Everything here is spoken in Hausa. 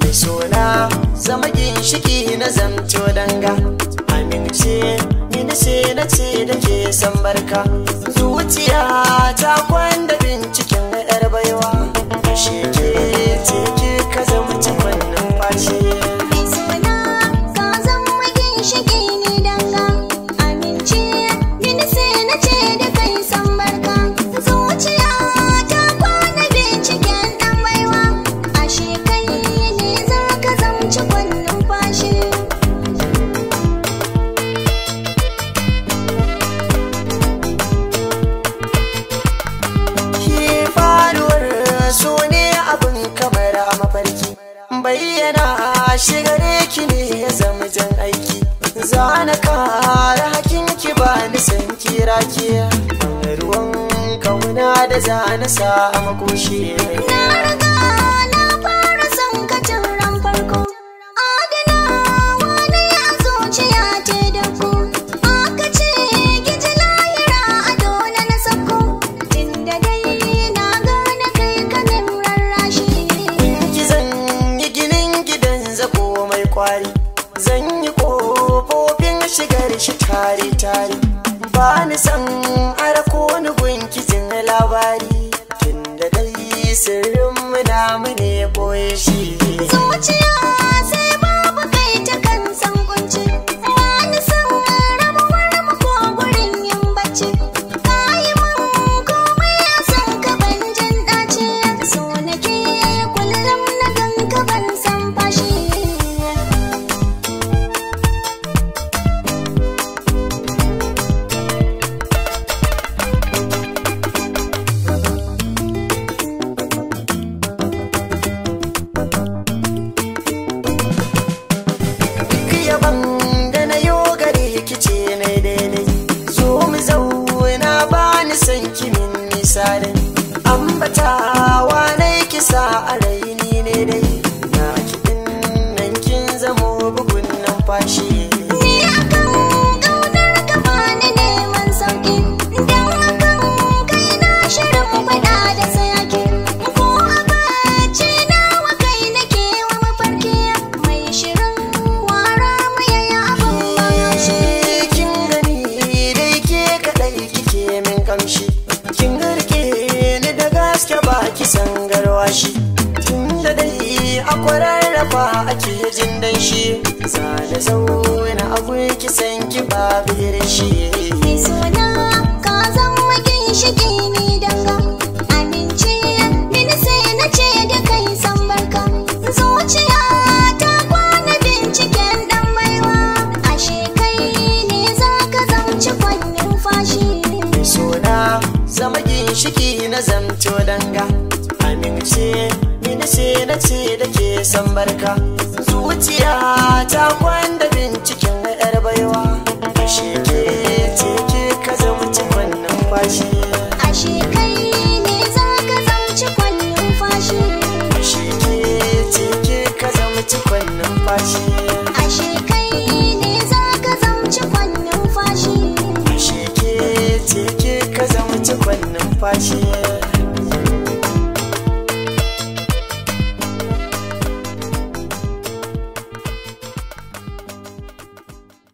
Mai suna zama ginshiƙi na zanto danga Amince ni na ce na ce da ke san barka Zuciya ta kwana barci bayyana shigare ki ne ya zama jan aiki zana kara hakin ki ba ni san kira ki ruwan kauna da zana sa makoshi na wari zan yi kofofin shigar shi tare-tare ba ni san ara ko ni gunkijin labari tun da dai sirrin mu ne boye shi zuciya kisa a numfashi tun da dai a kwararrafa ake jin danshi zane zaune a gurki san ki babu shi suna ka zan makin shige ni danga amince na ce da kai zuciya ta kwana binciken dan baiwa ashe kai ne za ka zamci kwannin fashi suna zama ginshiki na zamto danga san barka zuciya ta kwanda binciken yar baiwa ashe ke ce ke ka zamci wannan fashi ashe kai ne za ka zamci wannan fashi ashe ke ce ke ka zamci wannan fashi ashe kai ne za ka zamci wannan fashi ashe ke ce ke ka zamci wannan fashi